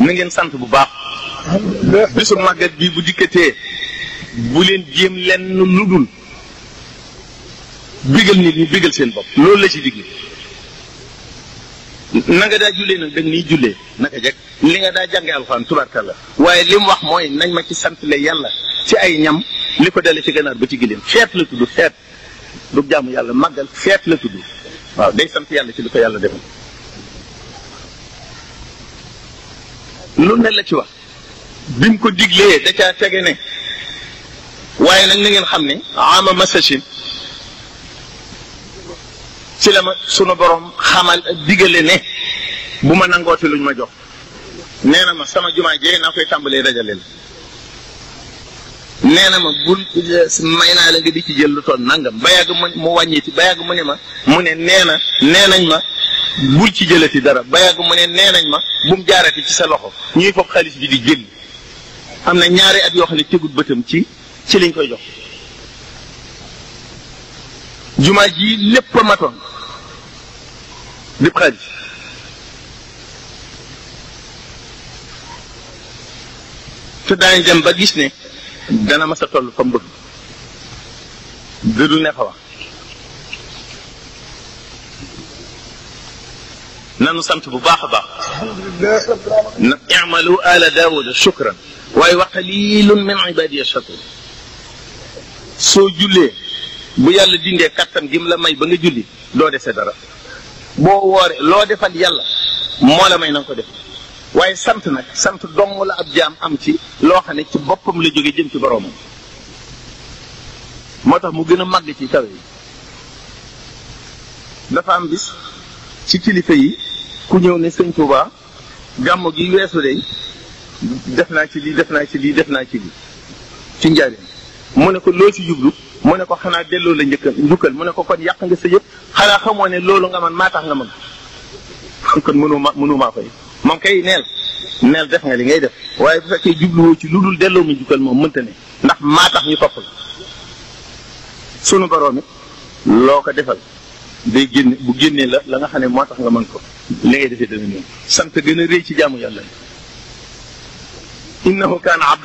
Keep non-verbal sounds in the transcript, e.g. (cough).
nangeen ngeen sant bu baax bisu màggat bii bu dikkatee bu leen jéem lenn lu dul bigal nit ñi bigal seen bopp loolu la ci digle nanga nga daa jullee nag da nga niy jullee naka jekk li nga daa jànge alxuraan tubarkalla waaye li mu wax mooy nañ ma ci sant le yàlla ci ay ñam li ko dale ci ganaar ba ci giléem feet la tudd feet du jaamu yàlla màggal feet la tudd waaw day sant yàlla ci li ko yàlla defal lu ne la ci wax bi mu ko diglee da caa tege ne waaye nag na ngeen xam ne ama masachin ci la ma sunu boroom xamal digale ne bu ma nangooti luñ ma jox nee na ma sama jumaa jee naa koy tàmbalee dajale la nee na ma bul may naa la nga di ci jël lu toll nangam ba yàgg mu mu ba yàgg mu ne ma mu ne nee na nee nañ ma bul ci jëlati dara ba yàgg mu ne nee nañ ma bu mu jaarati ci sa loxo ñuy foog xaalis bi di génn am na ñaari at yoo ne tegut bëtam ci ci lañ koy jox jumaa ji lépp a matoon lépp xaalis te daañu dem ba gis ne dana ma sa toll fa mbëgg dëddu neex a wax nanu sant bu baax a baax na imalu ala daawuda shukran waaye wa qalilun min ibadiya shakur soo jullee bu yàlla dindee kattan gi la may ba julli doo dese dara boo wooree loo defal yàlla moo may na ko def waaye sant nag sant dong la ab jaam am ci loo xam ne ci boppam la jóge jëm ci boroomam moo tax mu gën a màgg ci kawe yi dafa am bis ci kilifa yi ku ñëw ne sëñ Touba gàmmo gi weesu de def naa ci lii def naa ci lii def naa ci lii ci mu ne ko loo ci jublu mu ne ko xanaa delloo la njëkk njukkal mu ne ko kon yàq nga sa yëpp xanaa xamoo ne loolu nga man maa tax nga man (laughs) kon mënu ma mënu koy moom kay neel neel def nga li ngay def waaye bu fekkee jubluwoo ci lu dul delloo mu njukkal moom mënta ne ndax maa tax ñu topp la sunu boroom loo ko defal day génne bu génnee la la nga xam ne moo tax nga mën ko li ngay defee dana ñëw sant gën a rëy ci jaamu yàlla innahu kaana